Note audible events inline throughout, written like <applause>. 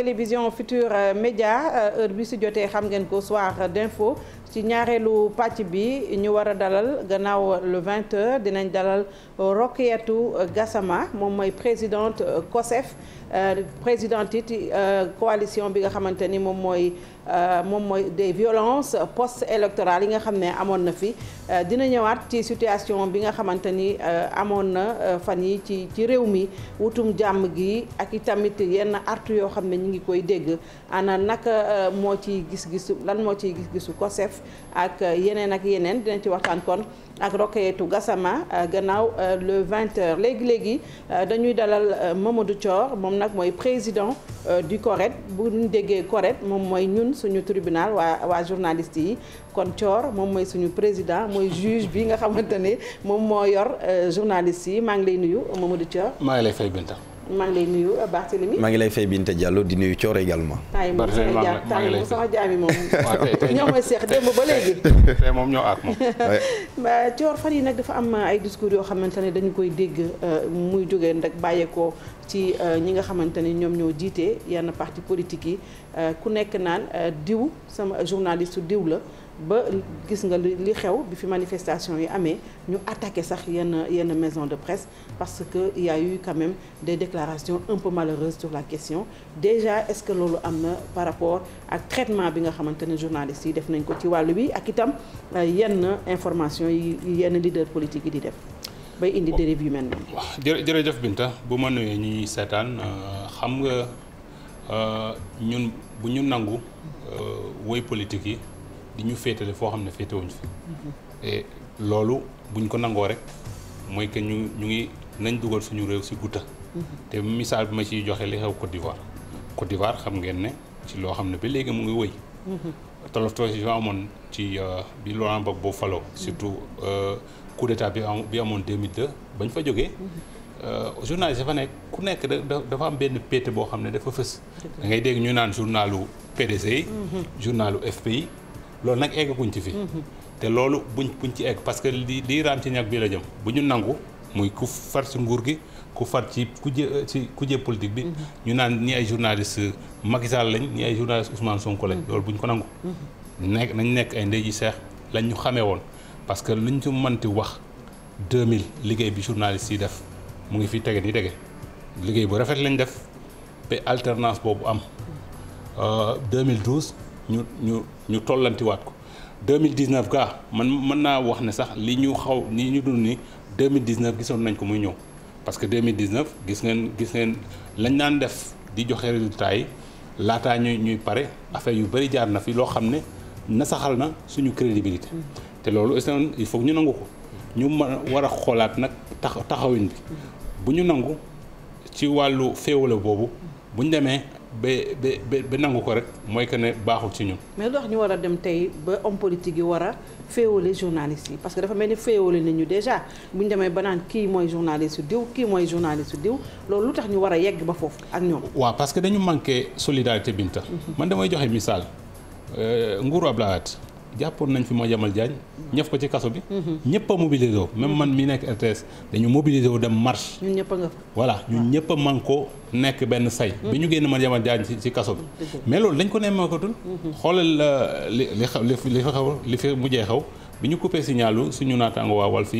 télévision future euh, Média euh, heure bi si jotee xam ngeen ko soir d'info ci ñaareelu pàcc bi ñu war a dalal gannaaw le vingt h dinañ dalal Rokiatou Gassama moom mooy présidente COSEF euh, présidente it coalition bi nga xamante ni moom mooy. Euh, moom mooy des violences post électorales yi nga xam ne amoon na fi euh, dina ñëwaat ci situation bi nga xamante ni euh, amoon na fan yi ci ci réew mi wutum jàmm gi ak i tamit yenn artu yoo xam ne ñu ngi koy dégg ana naka moo ci gis-gisu lan moo ciy gis-gisu COSEF ak yeneen ak yeneen dina ci waxtaan kon. ak Rokayetu Gassama euh, gannaaw euh, le 20 léegi léegi euh, dañuy dalal Mamadou Thior moom nag mooy président du CORED bu ñu déggee CORED moom mooy ñun suñu tribunal waa waa journaliste yi kon Thior moom mooy suñu président mooy juge bi nga xamante ne moom moo yor journaliste yi maa ngi lay nuyu Mamadou Thior. maa ngi lay fay Binta. maa ngi lay nuyu Barthélémy. maa ngi lay fay Binta Diallo di nuyu Coor également. Barthélémy maa ngi lay sama jaami moom. <laughs> ñoo may seex démb ba léegi. tey moom ñoo aak moom. Coor <laughs> fan yi nag dafa am euh, ay discours yoo xamante ne dañu koy dégg euh, muy jógee nag bàyyeekoo ci euh, ñi nga xamante ne ñoom ñoo jiite yenn parti politique yi ku nekk naan diw sama journaliste diw la. ba gis nga li xew bi fi manifestation yi amee ñu attaqué sax yenn yenn maison de presse parce que il yuy a eu quand des déclarations un peu malheureuses sur la question déjà est-ce que loolu am na par rapport ak traitement bi nga xamante ne journalistes yi def nañ ko ci wàllu bi ak itam euh, yenn information yi yenn leader politique yi di def bay indi dérive yu mel noonu. waaw jërëjëf Binta bu ma nuyee ñuy seetaan euh, xam nga euh, ñun bu ñu nangu woy politique yi. di ñu féetale foo xam ne féetewuñu fi mhm. loolu buñ ko nangoo rek mooy que ñu ñu ngi nañ dugal suñu réew si gutta mhm. te misaal bi ma ciy joxe li xew Côte d'Ivoire Côte d'Ivoire xam ngeen ne ci loo xam ne ba léegi mu ngi wëy mhm. tolof tolof yi amoon ci euh, bi Laurent Gbagbo faloo surtout euh, coup d'état bi bi amoon 2002 bañ fa jógee euh, journaliste dafa nekk ku nekk dafa am benn pété boo xam ne dafa fës da ngay dégg ñu naan journalu PDC yi journalu FPI loolu nag eggaguñ ci fi mhm. te loolu buñ buñ ci egg parce que li liy raam ci ñag bi la jëm bu ñu nangu muy ku far ci nguur gi ku far ci ku jë ci ku jë politique bi. Mhm. ñu naan ñi ay journaliste Macky lañ ñi ay journaliste Ousmane Sonko lañ. Mhm. loolu buñ ko nangu. nekk nañ nekk ay ndey ji seex lañ ñu xamee woon parce que luñ ci manti wax 2000 liggéey bi journaliste yi def mu ngi fi tege di tege liggéey bu rafet lañ def ba alternance boobu am 2012. Euh, ñu ñu ñu tollantiwaat ko 2019 gaa man mën naa wax ne sax li ñu xaw li ñu dund ni 2019 gisoon nañ ko muy ñëw parce que 2019 gis ngeen gis ngeen lañ naan def di joxe résultat yi laataa ñuy ñuy pare affaire yu bëri jaar na fi loo xam ne nasaxal na suñu crédibilité te loolu aussi il faut ñu nangu ko ñu mën war a xoolaat nag tax taxawin bi bu ñu nangu ci wàllu féewale boobu bu ñu ba ba ba nangu ko rek mooy que ne baaxul ci ñun. mais lu tax ñu war a dem tey ba homme politique yi war a féewale journaliste yi parce que dafa mel ni féewale nañu déjà bu ñu demee ba naan kii mooy journaliste su diw kii mooy journaliste su diw loolu lu tax ñu war a yegg ba foofu ak ñoom. waaw parce que dañu manqué solidarité Binta. Mhm. man damay joxe misaal euh, nguuru Abdoulaye Wade jàppoon nañ fi moo jamal Diagne ñëf ko ci kaso bi mhm. ñëpp a mobilisé wu même man mi nekk RTS dañu mobilisé wu dem marche ñun ñëpp a nga fa ñun ah. ñëpp a man ko nekk benn say bi ñu mhm. génn moo jamal Diagne ci kaso bi mais loolu dañ ko nemmeekatul mhm. xoolal euh, li li li fi xew li fi mujjee xew bi ñu coupé signalu suñu naataango waa Walf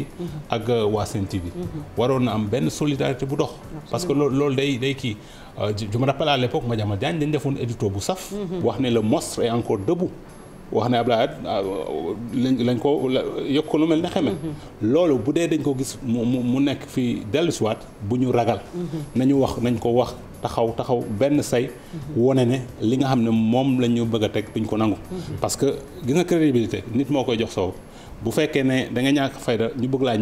ak euh, waa Sen TV waroon na am benn solidarité bu dox parce que loolu loolu day day kii euh, je me rappelle ma l'époque Madiambal dañ defoon édito bu saf wax ne la monstre est encore debout wax ne Abdoulaye Wade ah, lañ ko yokk ko lu mel ne xeme loolu bu dee dañ ko gis mu mu nekk fii dellusiwaat bu ñu ragal nañu wax nañ ko wax taxaw taxaw benn say wone ne li nga xam ne moom la ñu bëgg a teg duñ ko nangu parce que gis nga crédibilité nit moo koy jox soow bu fekkee ne da nga ñàkk fayda ñu bëgg laa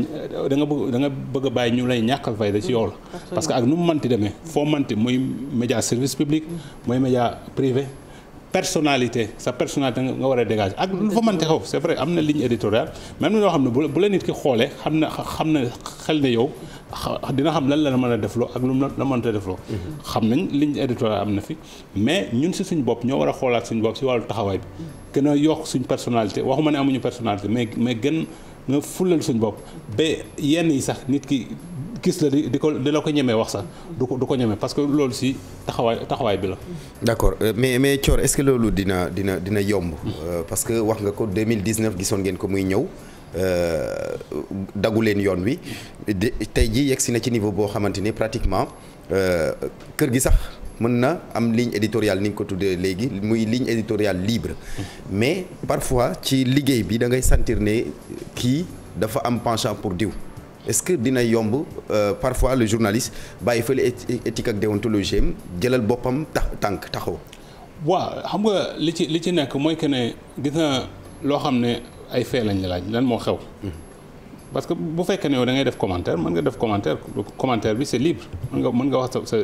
da nga bëgg da nga bëgg bàyyi ñu lay ñàkkal fayda ci yow la mm-hmm. parce que ak nu mu manti demee foo manti muy média service public mooy média privé personnalité sa personnalité nga war a dégager ak lu fa mënti xaw c'est vrai am na ligne éditoriale même loo xam ne bu la nit ki xoolee xam na xam na xel ne yow dina xam lan la mën a defloo ak lu la mënta defloo xam nañ ligne éditoriale am na fi mais ñun si suñ bopp ñoo war a xoolaat suñ bopp si wàllu taxawaay bi gën a yokk suñ personnalité waxuma ne amuñu personnalité mais mais gën nga fulal suñ bopp ba yenn yi sax nit ki gis la di di ko di la ko ñemee wax sax du ko du ko ñemee parce que loolu si taxawaay taxawaay bi la. d'accord euh, mais mais Thior est-ce que loolu dina dina dina yomb. Euh, parce que wax nga ko 2019 gisoon ngeen ko muy ñëw. Euh, dagu leen yoon wi tey jii yegg si na ci niveau boo xamante ni pratiquement kër gi sax mën na am ligne éditoriale ni nga ko tuddee léegi muy ligne éditoriale libre mais parfois ci liggéey bi da ngay sentir ne kii dafa am penchant pour diw est-ce que dina yomb euh, parfois le journaliste bàyyi fële éthique ak déontologie am jëlal boppam tax tànk taxaw. waaw xam nga li ci li ci nekk mooy que ne gis na loo xam ne ay fee laaj lan moo xew. Hmm. parce que bu fekkee ne yow da ngay def commentaire mën nga def commentaire commentaire bi sa libre mën nga nga wax sa sa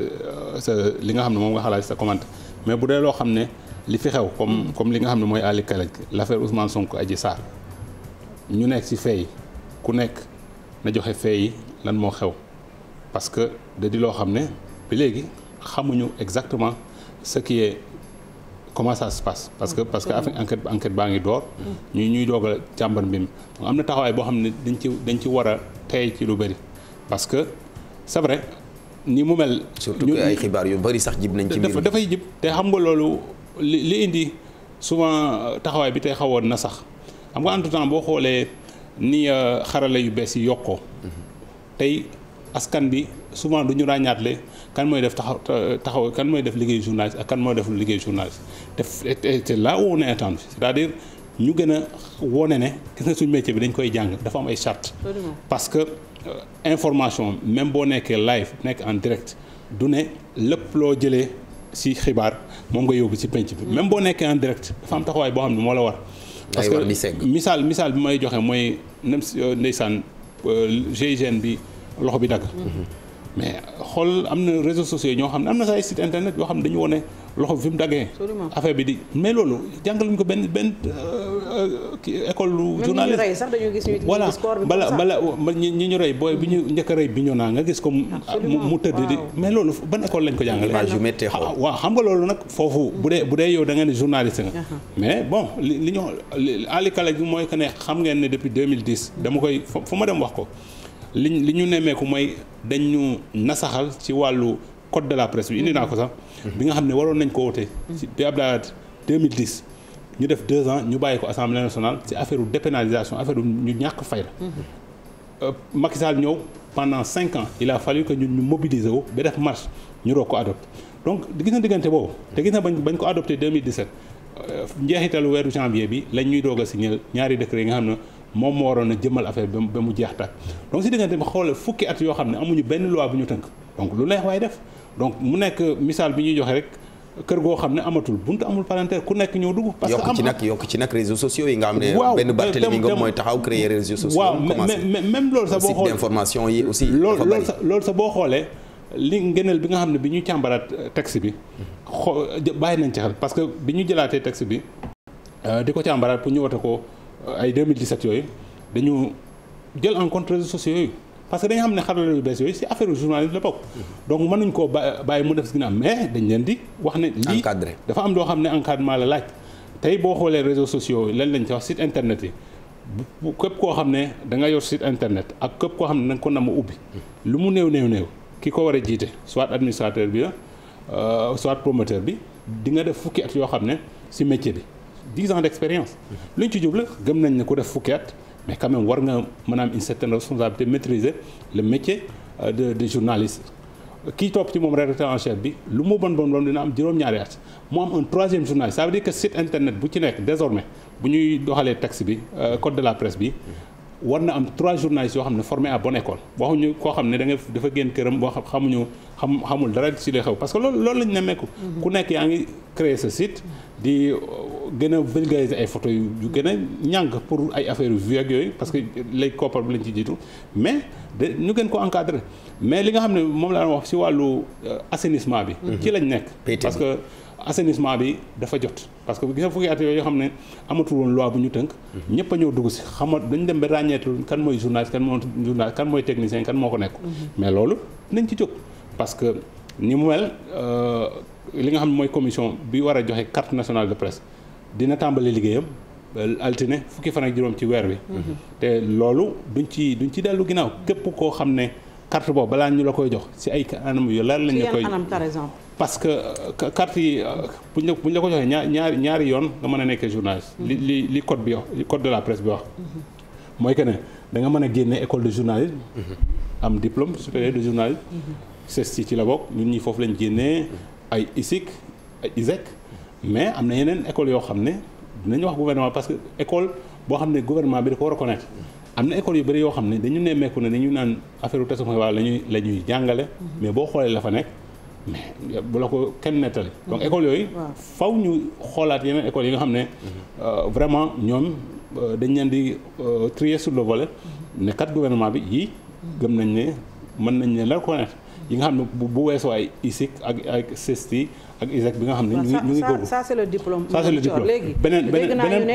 sa li nga xam ne moom nga xalaat sa commentaire mais bu dee loo xam ne li fi xew comme comme li nga xam ne mooy Ali Kalaj l'affaire Ousmane Sonko Adji saar ñu nekk ci fay ku nekk. na joxe fee lan moo xew parce que da di loo xam ne ba léegi xamuñu exactement ce qui est comment ça parce que parce que mm. enquête enquête baa ngi door. Mm. ñuy ñuy doog a jàmbar mbir mi am na taxawaay boo xam ne dañ ci dañ ci war a tey ci lu bëri parce que c'est vrai ni mu mel. surtout que ay xibaar yu bëri sax jib nañ ci mbir dafay jib te xam nga loolu li indi souvent taxawaay bi tey xawoon na sax xam nga entre temps boo xoolee. ni euh, xarala yu bees yi yokkoo tey askan bi souvent du ñu ràññaatle kan mooy def taxaw euh, taxaw kan mooy def liggéey journaliste ak kan mooy def liggéey journaliste te là où on est attendu c'est-à-dire ñu gën a wone ne gis nga suñu métier bi dañ koy jàng dafa am ay charte parce que euh, information même boo nekkee live nekk en direct du ne lépp loo jëlee ci xibaar moom nga yóbbu ci penc bi mm. même boo nekkee en direct dafa am taxawaay boo xam ne moo la war parce que misaal misaal bi may joxe mooy nem euh, ndeysaan euh, GIGN bi loxo bi dagg. Mhm. mais xool am na réseaux sociaux ñoo xam ne am na sa sit site internet yoo xam ne dañu wone loxo bi fi mu daggee. affaire bi di mais loolu jàngaluñ ko benn benn euh, Euh, école lu journaliste voilà bala bala ñi ñi ñu rey booy bi ñu njëkk a rey bi ñu naa nga gis ko mu tëdd di mais loolu ban école lañ ko jàngale ah, xam nga loolu nag foofu bu dee bu dee yow da nga ne journaliste nga uh-huh. mais bon li ñu alikala gi mooy que ne xam ngeen ne depuis 2010 dama koy fu ma dem wax ko li li ñu nemmeeku mooy dañ nasaxal ci wàllu code de la presse bi indi naa ko sax mm-hmm. bi nga xam ne waroon nañ ko wote mm-hmm. ci bi Abdoulaye 2010 ñu def deux ans ñu bàyyi ko assemblée nationale ci affaire dépénalisation affaire ñu ñàkk fayda mm-hmm. euh, Macky Sall ñëw pendant cinq ans il a fallu ko ñun ñu mobiliser wu ba def marche ñu roog ko adopté donc gis na diggante boobu te gis na bañ bañ ko adopté 2017 euh, njeexitalu weeru janvier bi lañ ñuy doog a signé ñaari décret yi nga xam ne moom moo waroon a jëmmal affaire bi ba mu jeex tàkk donc si diggante bi xoolal fukki at yoo xam ne amuñu benn loi bu ñu tënk donc lu neex waaye def donc mu nekk misaal bi ñuy joxe rek kër goo xam ne amatul buntu amul parentaire ku nekk ñëw dugg. parce que am yokk ci nag yokk ci nag réseaux sociaux yi nga am ne. waaw benn Barthélémy Ngom mooy taxaw créer réseaux mais même loolu sax boo xoolee site d'information yi aussi. loolu sax boo xoolee li ngëneel bi nga xam ne bi ñu càmbaraat euh, texte bi. xoo bàyyi nañ ci xel parce que bi ñu jëlaatee texte bi. Euh, di ko càmbaraat pour ñu wote ko euh, ay mil 2017 yooyu dañu jël en compte réseaux sociaux yooyu. parce que dañ xam ne xarala yu bees yooyu si affaire journaliste la bokk donc mënuñ koo bàyyi mu def si ginnaaw mais dañ leen di wax ne lii dafa am loo xam ne encadrement la laaj tey boo xoolee réseaux sociaux lan lañ ci wax site internet yi képp koo xam ne da yor site internet ak képp koo xam ne da nga ko nam a ubbi lu mu néew néew néew ki ko war a jiite soit administrateur bi la euh, soit promoteur bi di nga def fukki at yoo xam ne si métier bi dix ans d' expérience luñ ci jublu gëm nañ ne ku def fukki at mais quand war nga mën a am une certaine responsabilité maîtriser le métier euh, de de journaliste. kii topp ci moom rédacteur en chef bi lu mu bon bon bon dina am juróom-ñaari at mu am un troisième journaliste ça veut dire que site internet bu ci nekk désormais bu ñuy doxalee texte bi euh, code de la presse bi. war na am trois journalistes yoo xam ne formés à bonne école waxuñu koo xam ne da nga dafa génn këram boo xamuñu xam xamul dara ci lay xew parce que loolu loolu lañ nemmeeku. Mhm. ku nekk yaa ngi créer sa di euh, gën a vulgariser ay photo yu gën a ñàng pour ay affaire vue yooyu parce que lay koppar bi lañ ci jiitu mais de ñu gën ko encadrer mais li nga xam ne moom laa wax si wàllu euh, assainissement bi mhm. ci lañ nekk parce que assainissement bi dafa jot parce que gisa fukki at yooyu yoo xam ne amatul woon loi bu ñu tënk mhm. ñëpp a ñëw dugg si xama dañ dem ba ràññeetul kan mooy journaliste kan mooy journaliste kan mooy technicien kan moo ko nekk mhm. mais loolu nañ ci jóg parce que ni mu mel euh, li nga xam ne mooy commission bi war a joxe carte nationale de presse dina tàmbali liggéeyam euh, altine fukki fan ak juróom ci weer bi mm-hmm. te loolu duñ ci duñ ci dellu ginnaaw képp koo xam ne carte boobu balaa ñu la koy jox si ay anam yu leer lañ la koy parce que euh, carte yi euh, buñ la la ko joxee ñaar ñaari ñaari yoon nga mën a nekkee journaliste mm-hmm. li li li code bi wax li code de la presse bi wax mm-hmm. mooy que ne da nga mën a génne école de journalisme am diplôme supérieur de journalisme CESTI ci la bokk ñun ñi foofu lañ génnee ay ISIC ay ISEC mais am na yeneen école yoo xam ne dinañu wax gouvernement parce que école boo xam ne gouvernement bi da ko reconnaître am na école yu bëri yoo xam ne dañu nemmeeku ne dañu naan affaire u tasuma waaw la ñuy la ñuy jàngale mais boo xoolee la fa nekk mais bu la ko kenn nettali donc mm-hmm. école yooyu faw ñu xoolaat yeneen école yi nga xam ne mm-hmm. euh, vraiment ñoom euh, dañ leen di euh, trier sur le volet mm-hmm. ne kat gouvernement bi yii gëm nañ ne mën nañ leen la reconnaître yi nga xam ne bu weesoo ay ISIC ak ak CESTI ak ISEC bi nga xam ne. ñu ngi ñu ngi góobu ça c'est le diplôme. ça c'est le diplôme léegi beneen beneen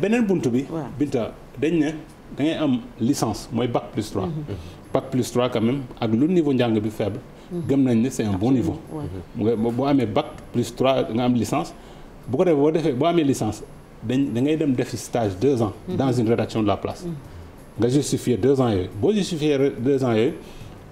beneen bi. waaw Binta dañ ne da ngay am licence mooy bac plus 3. Mhm. bac plus 3 quand même ak lu niveau njàng bi faible. Mhm. gëm nañ ne c'est un bon niveau. nga boo amee bac plus 3 nga am licence. bu ko defee boo defee boo amee licence dañ da dem defi stage 2 ans. Mhm. dans une rédaction de la place. nga justifier deux ans yooyu boo justifier deux ans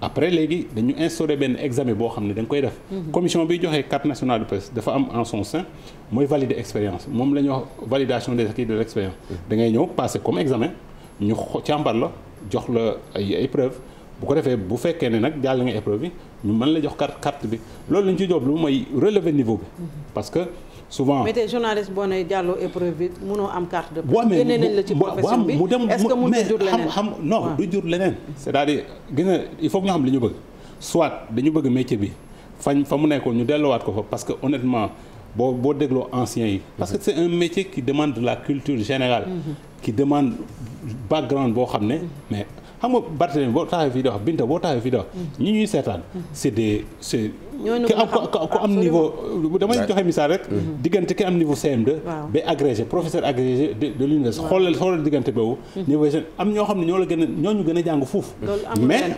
après léegi dañu instauré benn examen boo xam ne dañ koy def. Mhm. commission bi joxe carte nationale de presse dafa am en son sein mooy valider expérience moom la ñuy wax validation des acquis de l' expérience. Mhm. da ngay ñëw passer comme examen ñu càmbar la jox la ay épreuve bu ko defee bu fekkee ne nag jàll nga épreuve bi ñu mën la jox carte carte bi loolu la ñu ci jublu mooy relever niveau bi mhm. parce souvent mais tey boo nee jàlloo épreuve bi mënoo am carte de presse. génne nañ la ci profession bi est-ce que mu jur leneen mais xam xam non jur leneen. c'est-à-dire gis nga il faut que ñu xam li bëgg soit dañu bëgg métier bi fañ fa mu nekkoon ñu delluwaat ko fa parce que honnêtement boo boo dégloo anciens yi. parce que c'est un métier qui demande la culture générale. Mm-hmm. qui demande background boo xam ne mais. xam nga Barthélémy boo taxawee fii di wax Binta boo taxawee fii di wax mm. ñi ñuy seetaan c'est des c'est ki am ku am niveau damay joxe misaal rek mm-hmm. diggante ki am niveau CM2 ba agrégé professeur agrégé de l'université xoolal xoolal diggante mm-hmm. niveau jeune am ñoo xam ne ñoo la gën a ñu gën a jàng fuuf mais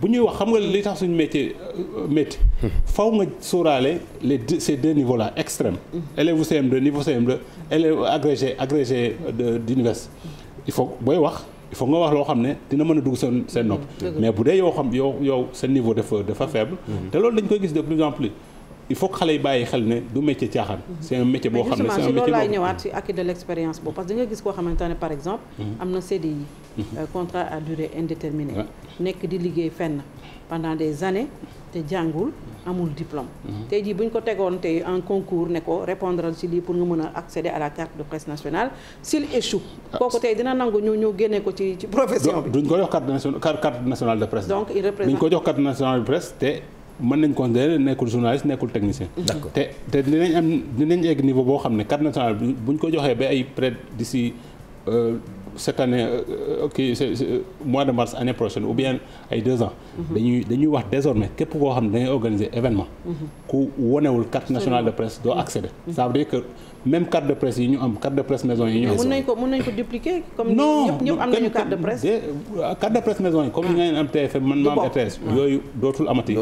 bu ñuy wax xam nga li tax suñu métier euh, métier mm-hmm. faw nga sóoraale les ces deux niveaux là extrêmes élève CM2 niveau CM2 élève agrégé agrégé d'université il faut booy wax il faut nga wax loo xam ne dina mën a dugg seen seen nopp mais bu dee yoo xam yow yow seen niveau dafa dafa faible mhm. te loolu dañ koy gis de plus en plus il faut que xale yi bàyyi xel ne du métier caaxaan mhm. c'est un métier boo xam ne c'est un métier loolu laay ñëwaat si acquis de l'expérience boobu ne par exemple mhm. am na CDI euh, contrat à durée indéterminée nekk di liggéey fenn pendant des années te jàngul mm-hmm. amul diplôme. Mm-hmm. tey jii bu ko tegoon te en concours ne ko répondre ci lii pour nga mën a accéder à la carte de presse nationale s'il échoue. Ah. kooku tey dina nangu ñu ñu génne ko ci ci profession bi. duñ ko jox carte nationale carte nationale de presse. donc il représente duñ ko jox carte nationale de presse te mën nañ considérer nekkul journaliste nekkul technicien. Mm-hmm. te dinañ am dinañ egg niveau boo xam ne carte nationale bi buñ ko joxee ba ay près d'ici euh, cette année euh, kii euh, mois de mars année prochaine ou bien ay deux ans. Mhm. dañuy wax désormais képp koo xam ne dañuy organiser événement. Mhm. ku wonewul carte nationale de presse doo mhm. accéder. ça veut dire que même carte de presse yi ñu am carte de presse maison yi ñu. mën nañ ko am nañu carte man ma am RTS. yooyu dootul amati.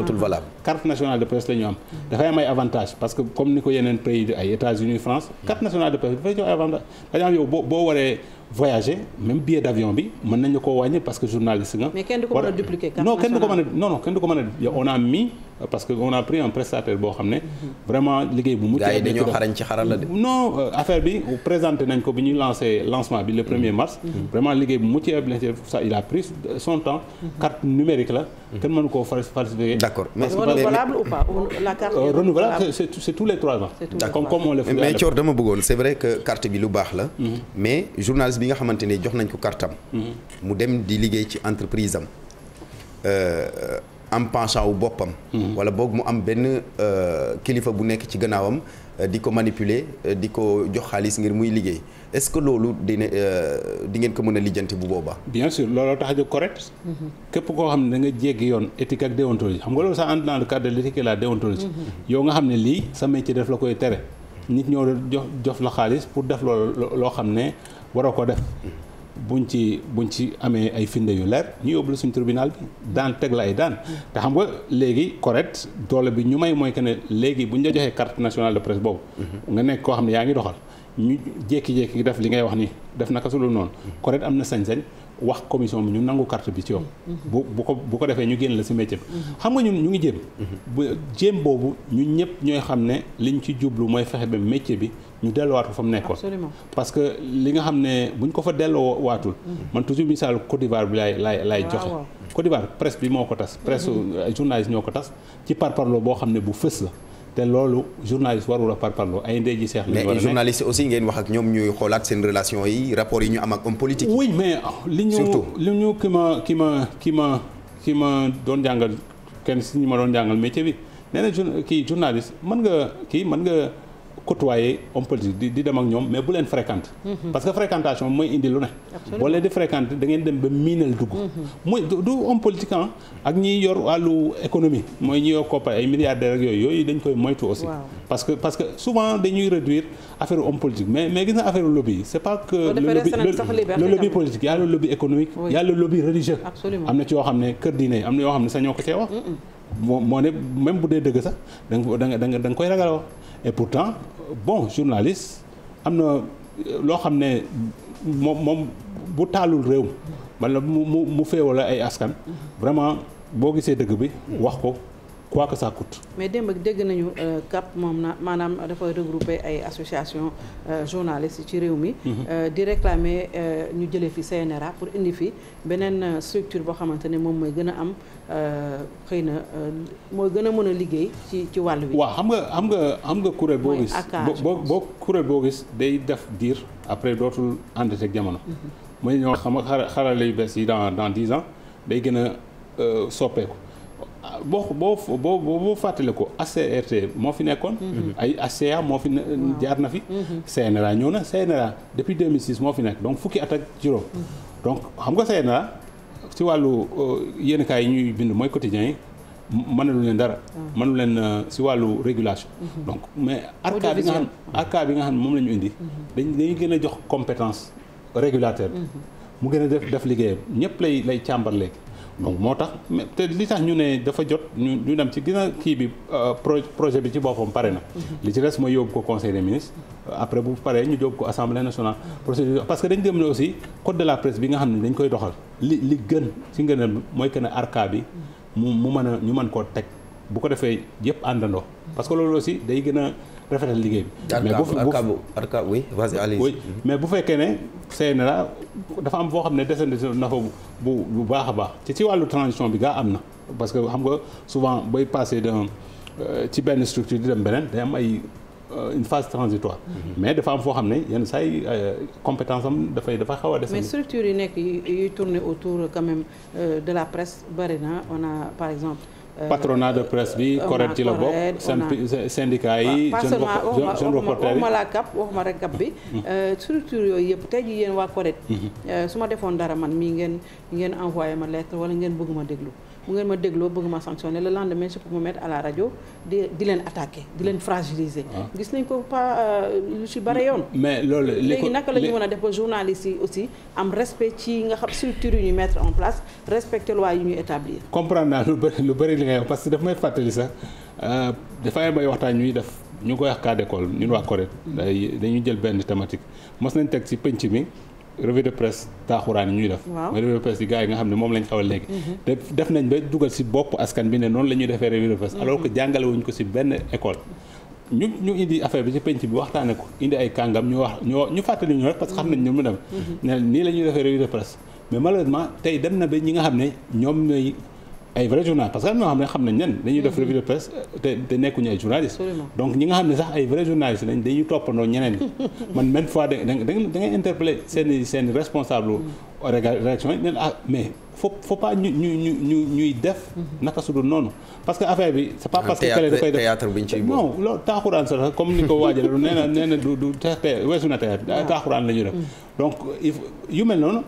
carte nationale de presse la am. dafay am ay avantages parce que comme ni ko yeneen pays ay États-Unis France carte nationale de presse dafay jox voyager même billet d'avion bi mën nañu ko wàññi parce que journaliste nga. mais kenn du ko mën a dupliquer. non kenn du ko mën a du ko mën a parce que on a pris un prestataire boo xam ne. vraiment liggéey bu mucc. gars yi dañoo xarañ ci xarala de. non euh, affaire bi présenté nañ ko bi ñuy lancé lancement bi le 1er mm-hmm. mars. Mm-hmm. vraiment liggéey bu mucc ayib ça il a pris son temps. Mm-hmm. carte numérique la. kenn mënu koo falsifier. d'accord mais renouvelable ou pas la carte. Euh, renouvelable c'est tous les trois ans. comme comme on le fait. mais dama bëggoon c'est vrai que carte bi lu baax la. mais journaliste bi nga xamante ne jox nañ ko carte am. mu dem di liggéey ci entreprise am. Euh, am pensant wu boppam. Hmm. wala boog mu am benn euh, kilifa bu nekk ci gannaawam euh, di ko manipuler euh, di ko jox xaalis ngir muy liggéey est-ce que loolu dina di ngeen ko mën a lijjanti bu boobaa. bien sûr looloo tax a jóg correct. Mhm. képp koo xam ne da nga jéggi yoon éthique ak déontologie xam nga loolu ça entre dans le cadre de l'éthique et la déontologie. Mhm. yow nga xam ne lii sa métier daf la koy tere. nit ñoo jox jox la xaalis pour def loolu loo xam ne waroo ko def. buñ ci buñ ci amee ay finde yu leer ñu yóbbu la suñ tribunal bi daan teg la ay daan te xam nga léegi correct doole bi ñu may mooy que ne léegi buñ la joxee carte nationale de presse boobu nga nekk koo xam ne yaa ngi doxal ñu jékki-jékki def li ngay wax ni def na su dul noonu correct am na sañ-sañ wax commission bi ñu nangu carte bi ci yow. bu bu ko bu ko defee ñu génn la si métier bi. xam nga ñun ñu ngi jéem. bu jéem boobu ñu ñëpp ñooy xam ne li liñ ci jublu mooy fexe ba métier bi ñu delluwaat ko fa mu nekkoon. parce que li nga xam ne buñ ko fa delluwaatul. man toujours misaal Côte d'Ivoire bi laay laay laay joxe. Côte d'Ivoire presse bi moo ko tas. presse mhm. journaliste ñoo ko tas ci parparloo boo xam ne bu fës la. te loolu journaliste warul a parparloo ay ndey ji seex. li mais aussi ngeen wax ak ñoom ñuy xoolaat seen relation yi rapport yi ñu am ak homme politique. oui mais li ñu surtout li ñu ki ma ki ma ki ma ki ma doon jàngal kenn si ñu ma doon jàngal métier bi nee na jour kii journaliste mën nga kii man nga. côtoyer homme politique di dem ak ñoom mais bu leen fréquente. Mhm. parce que fréquentation mooy indi lu ne. boo leen di fréquente da dem ba miinal dugg. Mhm. muy du homme politique ah, ak ñi yor wàllu économie mooy ñi yor koppar ay milliardaires ak yooyu yooyu dañ koy moytu aussi. parce que souvent dañuy réduire affaire homme politique mais mais gis na affaire lobby c'est pas que. le lobby politique y lobby économique. y lobby religieux. am na ci yoo moo moo ne même bu dee dëgg sax danga nga da nga da nga koy ragaloo et pourtant bon journaliste am na euh, loo xam ne moom moom bu taalul réew wala mu mu mu féewala ay askan. vraiment boo gisee dëgg bi wax ko. quoi que ça coûte. ak dégg nañu euh, CAP moom na maanaam dafa regrouper ay association euh, journalistes ci réew mi. Mhm. Euh, di réclamer ñu jëlee fi CNRA pour indi fi beneen structure boo xamante ne moom mooy gën a am xëy na mooy gën a mën a liggéey ci ci wàll wi. waaw xam nga xam nga xam nga kuréel boo gis. boo kuréel boo gis day def diir après dootul ànd ak jamono. Mhm. mooy ñoo xam xarale yu bees yi dans dans dix ans day gën a soppeeku. boo boo boo boo fàttale ko ACRT moo fi nekkoon. Mhm. ay ACA moo fi jaar na fi. Mhm. CNRA ñëw na CNRA depuis 2006 moo fi nekk donc fukki at ak juróom. Mhm. donc xam nga CNRA si wàllu euh, yenn kaay yi ñuy bind mooy quotidien yi. mënalu leen dara. Ah. mënalu leen si euh, wàllu régulation. donc mais arca bi nga xam ne moom la ñu indi. dañ dañuy gën a jox compétence régulateur bi. mu gën a def def liggéeyam ñëpp lay lay càmbar léegi. donc moo tax te li tax ñu ne dafa jot ñu ñu dem ci gën kii bi euh, projet bi ci boppam pare na. Mhm. li ci des mooy yóbbu ko conseil des ministres euh, après bu paree ñu yóbbu ko assemblée nationale. procédure parce que dañ dem ne aussi code de la presse bi nga xam ne dañ koy doxal li li gën ci ngënal mooy que ne arca bi mu mu mën a ñu man koo teg bu ko defee yëpp àndandoo. parce que loolu aussi day gën rafetal liggéey bi. mais bu arka oui vas-y allez mais bu fekkee ne CNRA dafa am foo xam ne descente na fa bu bu baax a baax ci ci wàllu transition bi gaa am na parce que xam nga souvent booy passé d'un euh, ci benn structure di dem beneen day am ay euh, une phase transitoire. Mhm. mais dafa am foo xam ne yenn saa yi euh, compétence am dafay dafa xaw a des. mais structure yi nekk yi tourner autour quand même de la presse bari na on a par exemple. Euh, patronat de presse bi CORED ci la bokk syndicat yi jeune reporter yi waxuma la gap waxuma rek gap bi mm-hmm. euh, structure yooyu yëpp tey jii yéen waa CORED mm-hmm. euh, su ma defoon dara man mii ngeen ngeen envoyé ma lettre wala ngeen bëgguma déglu bu ngeen ma dégloo bëgg ma sanctionner le lendemain je peux me mettre à la radio di di leen attaquer di leen fragiliser. Ah. gis nañ ko pas euh, lu si bare yoon. mais loolu léegi naka la ñu mën a def ba journalistes yi aussi am respect ci nga xam structure yu ñu mettre en place respecter loi yu ñu établir. comprendre naa lu bëri lu bëri li ngay wax parce que daf may fàttali sax euh, dafa may waxtaan ñuy def ñu koy wax cas d'école ñun waa Corée. Mm. dañu jël benn thématique mos nañ teg ci penc mi. revue de presse taaxuraan yi ñuy def mooy de presse yi gars yi nga xam ne moom lañ xawal léegi mhm. def nañ ba dugal ci bopp askan bi ne noonu la ñuy defee revue de presse mhm. alors que jàngale wuñ ko ci benn école ñu ñu indi affaire bi ci penc bi waxtaane ko indi ay kàngam ñu wax ñu ñu fàttali ñu rek parce que xam nañ ñu mu dem mhm. ne nii la ñuy defee revue de presse mais malheureusement tey dem na ba ñi nga xam ne ñoom ñooy ay vrai journal parce que am na xam ne xam nañ ñan dañuy def revue de presse te nekkuñu ay journaliste donc ñi nga xam ne sax ay vrai journaliste lañ dañuy toppandoo ñeneen <laughs> man même fois da da da mm. yi ah, mais faut faut pas ñu ñu ñu ñuy def mm-hmm. naka su dul noonu parce que affaire bi c'est pas que kale dafay def non loolu taaxuraan sax comme ni ko waajale du nee na nee na du du te weesu na théâtre ah. taaxuraan la def mm. donc yu mel noonu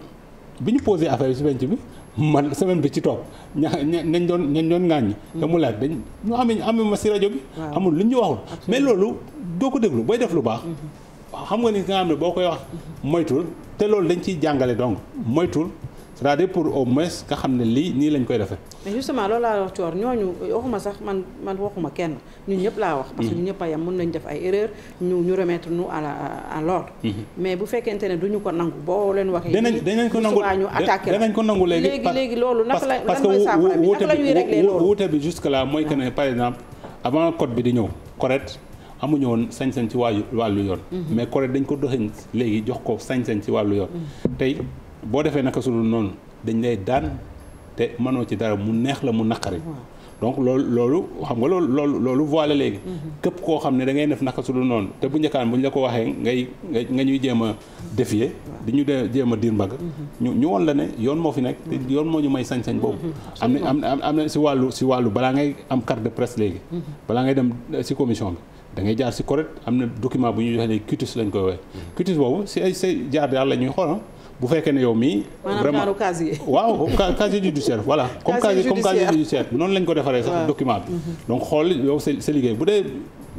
bi ñu posé affaire bi si penc bi man semaine bi ci toog ña nañ doon nañ doon ŋàññi mm. te mu laat dañ ñu amee amee ma si rajo bi amul lu ñu waxul mais loolu doo ko déglu booy def lu baax mm-hmm. xam nga ni nga xam ne boo koy wax mm-hmm. moytul te loolu dañ ciy jàngale donc moytul cest pour au moins nga xam ne lii nii lañ koy defee. mais justement loolu laa wax coor ñooñu waxuma sax man man waxuma kenn ñun ñëpp laa wax. parce que ñun ñëpp a yem mën nañ def ay erreur ñu ñu remettre nous à la à mm-hmm. mais bu fekkente ne du ñu ko nangu boo leen waxee. danañ danañ ko nangu ñu ko nangu léegi. léegi léegi loolu naka la lan mooy saafara bi naka la ñuy réglé loolu parce que wuute bi jusque là mooy que di ñëw correct. amuñu woon sañ-sañ ci wàllu wàllu yoon. Mm-hmm. mais correct dañ ko doxee léegi jox ko sañ-sañ ci wàllu yoon mm-hmm. tey boo defee naka su noonu dañ lay daan te mënoo ci dara mu neex la mu naqari. donc loolu loolu xam nga loolu loolu loolu voilé léegi. Mhm. képp koo xam ne da ngay def naka su noonu te bu njëkkaan bu ñu la ko waxee ngay nga ñuy jéem a défier. di ñu de jéem a diir mbagg. Mhm. ñu ñu woon la ne yoon moo fi nekk. Mhm. yoon moo ñu may sañ-sañ boobu. am na am am na si wàllu si wàllu balaa ngay am carte de presse léegi. balaa ngay dem euh, si commission bi. da ngay jaar si correct am na document bu ñu joxe léegi cutis lañ koy woowee. cutis boobu si ay say jaar daal la ñuy xool ah. bu fekkee ne yow mii. vraiment maanaam casier. <laughs> waaw casier judiciaire voilà. comme casier comme casier judiciaire noonu lañ ko defaree sax document bi. Mhm. donc xool yow sa sa liggéey bu dee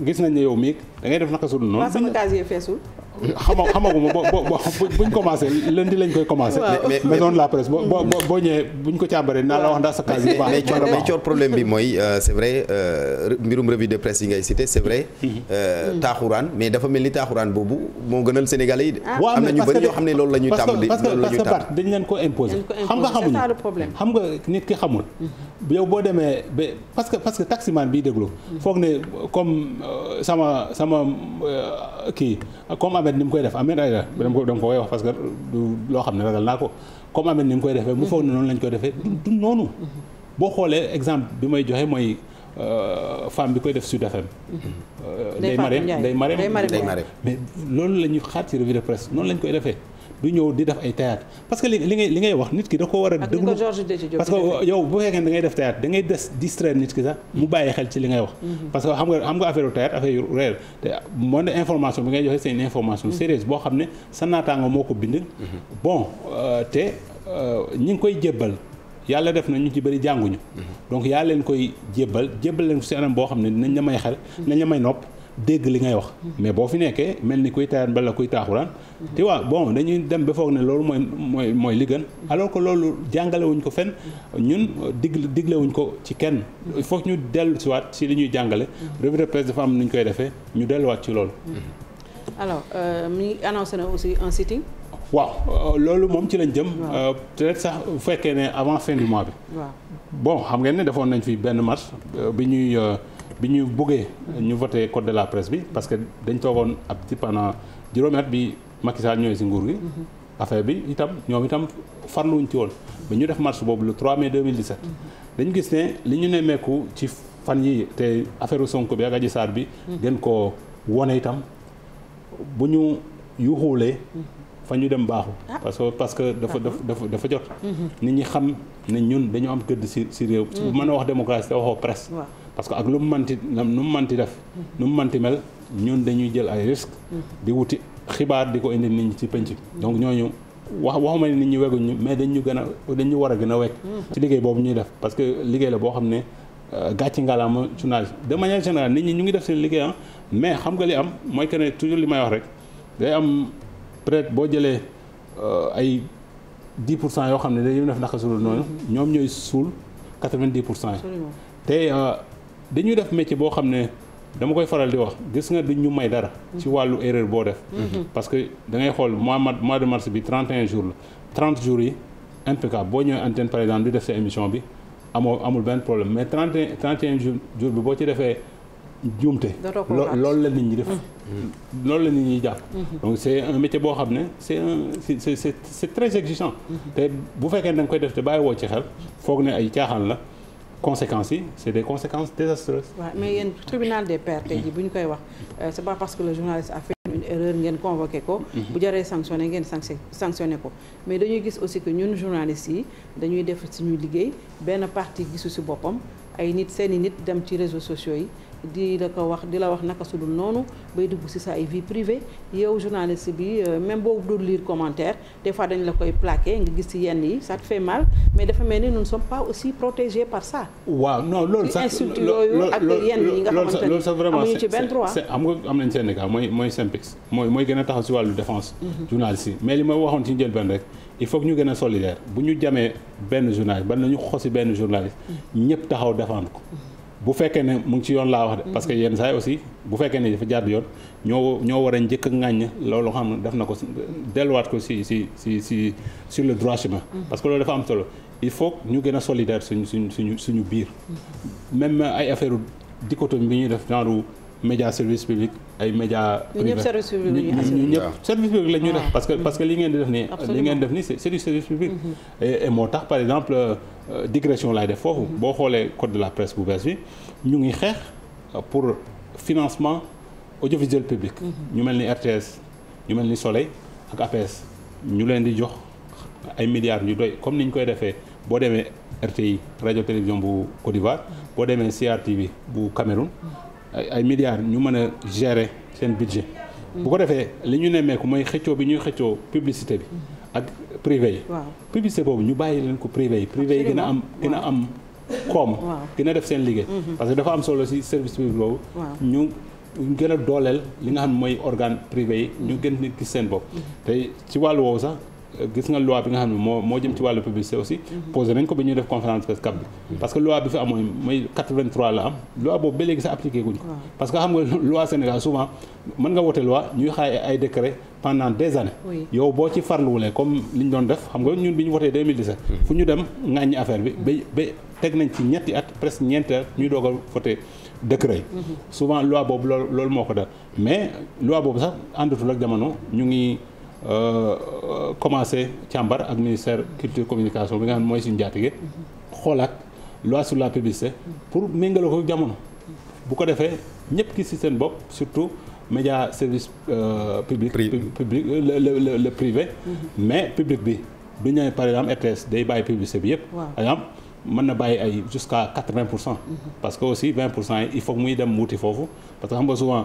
gis nañ ne yow mii da ngay def naka su dul noonu. sama casier feesul. xama xamaguma boo boo buñ commencé lundi lañ koy commencé. maison la presse boo boo boo ñëwee buñ ko càmbaree naa la wax ndax sa cas bi baax mais coor problème bi mooy euh, c' est vrai euh, mbirum revue de presse yi ngay cité c' est mm-hmm. mm-hmm. euh, taaxuraan mais dafa mel ni taaxuraan boobu moo gënal Sénégalais yi de. Ah. am na ñu bëri yoo xam ne loolu la ñuy tàmbali loolu la ñuy tàmbali dañ leen ko imposer. xam nga xamuñu xam nga nit ki xamul. Mm-hmm. yow boo demee ba parce que parce que taximan bii déglu. foog ne comme euh, sama sama euh, kii comme Ahmed ni mu koy def Ahmed ay dama ko dama ko wax parce que loo xam ne ragal naa ko comme Ahmed ni mu koy defee. mu foog ne noonu lañ koy defee du noonu. boo xoolee exemple bi may joxe mooy euh, femme bi koy def Sud FM. day Mareem day Mareem day Mareem mais loolu la ñuy xaar ci revue de presse noonu lañ koy defee. du ñëw di def ay théâtre parce que li li ngay li wax nit ki da ko war a déglu parce que yow bu fekkee da ngay def théâtre da ngay des distraire nit ki sax mu mm-hmm. bàyyi xel ci li ngay wax mm-hmm. parce que xam nga xam nga affaire u théâtre affaire yu réel te moo ne information bi ngay joxe c'est information mm-hmm. sérieuse boo xam ne sa naataango moo ko bind bon euh, te euh, ñi ngi koy jébbal yàlla def na ñu ci bëri jànguñu donc yaa leen koy jébbal jébbal leen si anam boo xam ne dinañ la may xel dinañ la may nopp dégg li ngay wax mais boo fi nekkee mel ni kuy tayaan bala kuy taaxuraan tu vois bon dañuy dem ba foog ne loolu mooy mooy mooy li gën alors ko loolu jàngalewuñ ko fenn ñun digg diglewuñ ko ci kenn foog ñu dellu siwaat si li ñuy jàngale revue dafa am nu koy defee ñu delluwaat ci loolu alors euh, mi annoncé na aussi un sitting waaw euh, loolu moom ci lañ jëm euh, peut-être sax bu fekkee ne avant fin du mois bi bon xam ngeen ne defoon nañ fi benn marche bi ñuy bi ñu bëggee ñu voté code de la presse bi parce que dañ toogoon ab ci pendant juróomi bi Macky Sall ñëwee si nguur gi. Mhm. affaire bi itam ñoom itam farluwuñ ci woon. ba ñu def marche boobu le 3 mai 2017. Mhm. dañu gis ne li ñu nemmeeku ci fan yi te affaire Sonko bi ak Adji bi. Mhm. gën koo wone itam bu ñu yuuxulee. fa ñu dem baaxu ah. parce que parce que dafa ah. dafa dafa jot. ni ñi xam ne ñun dañu am gëdd si si réew. bu mën a wax démocratie te waxoo presse. parce que ak lu mu manti nu mu manti def nu mu manti mel ñun dañuy jël ay risque di wuti xibaar di ko indi nit ñi ci penc donc ñooñu wax waxuma ne nit ñi weguñu mais dañu ñu gën a dañu war a gën a wekk ci liggéey boobu ñuy def parce que liggéey la boo xam ne euh, gàcci ngalaama journaliste de manière générale nit ñi ñu ngi def seen liggéey ah, mais xam nga li am mooy que ne toujours li may wax rek day am peut-être boo jëlee euh, ay 10 pour cent yoo xam ne dañuy def naka suul noonu ñoom ñooy suul 90 pour cent dañuy def métier boo xam ne dama koy faral di wax gis nga duñ ñu may dara. ci wàllu erreur boo def. Mhm. Mhm. parce que dangay xool mois mois de mars bi 31 jours la 30 jours yi impeccable boo ñëwee antenne par exemple di def sa émission bi amoo amul benn problème mais 31 31 jours jour bi boo ci defee juumte. loolu la nit ñi def. Mhm. loolu la nit ñi jàpp. donc c' un métier boo xam ne c' est un c' est très exigeant. te bu fekkee da nga koy def te bàyyi woo ci xel foog ne ay caaxaan la. conséquence yi c' est des conséquences désastreuses. waaw mais yéen tribunal des pairs tey bu ñu koy wax euh, c' est pas parce que le journaliste a fait une ngeen convoqué ko. Mhm. bu jaree sanctionné ngeen sanctionné ko mais dañuy gis aussi que ñun journalistes yi dañuy def suñuy liggéey benn partie gisu si boppam. ay nit seeni nit dem ci réseau sociaux yi di la ko wax di la wax naka su dul noonu bay dugg ci sa ay vie privée yow journaliste bi euh, même boobu dul lire commentaire des fois dañ la koy plaqué nga gis ci yenn yi ça te fait mal mais dafa mel ni nous ne sommes pas aussi protégés par ça. waaw no loolu sax insulte yooyu ak yenn yi nga xamante ne loolu sax vraiment amuñu ci benn droit am nga am nañ mooy mooy SYNPICS mooy mooy gën a taxaw ci wàllu défense. Mhm. journaliste yi mais li ma waxoon ci njëlbeen rek. il faut ñu gën a solidaire bu ñu jamee benn journaliste ban nañu xosi benn journaliste ñëpp taxaw défendre ko bu fekkee ne mu ngi ci yoon laa wax de parce que yenn saa aussi bu fekkee ne dafa jàdd yoon ñoo ñoo war a njëkk a ŋàññ loolu xam ne def na ko delluwaat ko si si si si sur le droit chemin parce que loolu dafa am solo il faut ñu gën a solidaire suñu suñu suñu suñu biir même ay affaire dichotomie bi ñuy def genre média service public ay média privé ñëpp service public la ñuy def parce que parce que li ngeen di def nii li ngeen def nii c'est du service public mm-hmm. moo tax par exemple euh, euh, digression laay def foofu mm-hmm. boo xoolee code de la presse bu bees bi ñu ngi xeex euh, pour financement audiovisuel public mm-hmm. ñu mel ni RTS ñu mel ni Soleil ak APS ñu leen di jox ay milliards ñu doy comme ni ñu koy defee boo demee RTI radio télévision bu Côte d'Ivoire boo demee CRTV bu Cameroun ay milliards ñu mën a gérer seen budget bu ko defee li ñu nemmeeku mooy xëccoo bi ñuy xëccoo publicité bi ak privé yi publicité boobu ñu bàyyi leen ko privé yi privé yi gën a am gën a am koom gën a def seen liggéey mhm. parce que dafa am solo ci service public boobu ñu gën a dooleel li nga xam mooy organe privé yi ñu gën nit gis seen bopp mhm. te ci wàllu woowu sax gis nga loi bi nga xam ne moo moo jëm ci wàllu publicité aussi mhm. posé nañ ko bi ñuy def conférence presse cap bi mhm. parce que loi bi fi amoon mooy 83 la am loi boobu ba léegi sax appliqué guñ ko parce que xam nga loi Sénégal souvent mën nga wote loi ñuy xaar ay décret pendant des années yow boo ci farluwulee comme li ñu doon def xam nga ñun bi ñu wotee 2017 mhm. fu ñu dem ŋàññi affaire bi ba teg nañ ci ñetti at presque ñeenti a Euh, euh, commencé càmbar ak ministère culture communication bi nga xam ne mooy suñu njaatige xoolaat loi sur la publicité pour méngale ko jamono bu ko defee ñëpp ki si seen bopp surtout média service euh, public public le le privé mm-hmm. mais public bi du ñëwee par exemple RTS day bàyyi publicité bi yëpp par exemple mën na bàyyi ay jusqu'à quatre-vingt pour cent mm-hmm. parce que aussi vingt pour cent il faut muy dem wuti foofu parce que xam nga souvent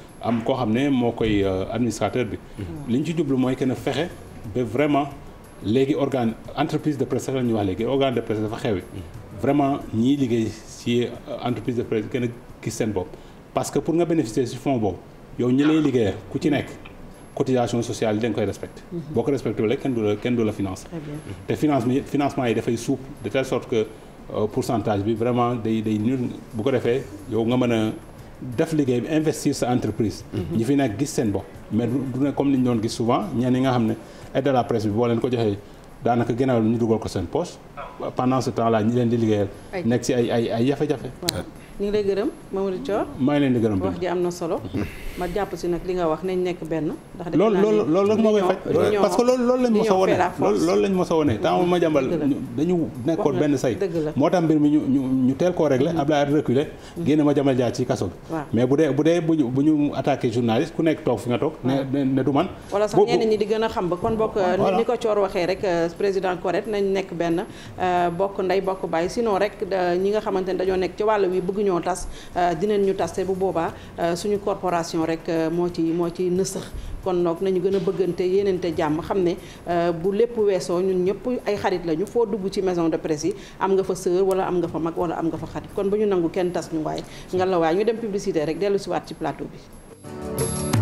am koo xam ne moo koy euh, administrateur bi mm-hmm. li ñu ci jublu mooy que fexe ba vraiment léegi organe entreprise de presse la ñuy wax léegi organe de presse dafa xewi mm-hmm. vraiment ñiy liggéey ci euh, entreprise de presse gën gis seen bopp parce que pour nga bénéficier ci fonds boobu yow ñi lay ah. liggéeyee ku ci nekk cotisation sociale yi da koy respecté mm-hmm. boo ko respecté wala kenn la kenn du la finance te financement yi dafay souple de telle sorte que euh, pourcentage bi vraiment day day nul def liggéey bi investir sa entreprise. Mhm. ñi fi nekk gis seen bopp. mais du ne comme ni ñu doon gis souvent ñenn ñi nga xam ne aide à la presse bi boo leen ko joxee daanaka gannaaw ñu dugal ko seen poche. Ah. pendant ce temps là ñi leen di liggéeyal. nekk ci ay ay ay jafe ñu ngi lay gërëm Mamadou Thior. maa ngi leen di gërëm wax na ma jàpp si nag li nga wax nañ nekk benn. ndax def loolu loolu loolu rek moo koy faj. parce que loolu loolu lañ benn say. moo tax mi ñu ñu ñu koo réglé mm-hmm. Abdoulaye mm-hmm. ma jàmbal jaar ci kaso bu dee bu dee bu bu ñu attaqué journaliste ku nekk toog fi nga toog. di gën a ba kon bokk. ni ko Thior waxee rek euh, président correct nekk benn euh, bokk ndey bokk bàyyi sinon rek euh, ñi nga xamante ne dañoo nekk ci wàll wi bëgg ñoo tas euh, dinañ ñu tas te bu boobaa euh, suñu corporation rek euh, moo ci moo ci nësëx kon noog nañu gën a bëggante yéenante jàmm xam ne bu lépp weesoo ñun ñëpp ay xarit lañu foo dugg ci maison de presse yi am nga fa sœur wala am nga fa mag wala am nga fa xarit kon bu ñu nangu kenn tas ñu waaye nga ñu dem publicité rek dellu si waat ci plateau bi